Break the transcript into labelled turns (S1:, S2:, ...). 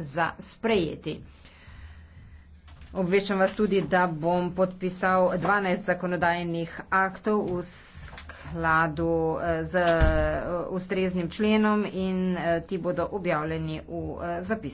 S1: za sprejeti. Obvečam vas tudi, da bom podpisal 12 zakonodajnih aktov v skladu eh, z eh, ustreznim členom in eh, ti bodo objavljeni v zapis.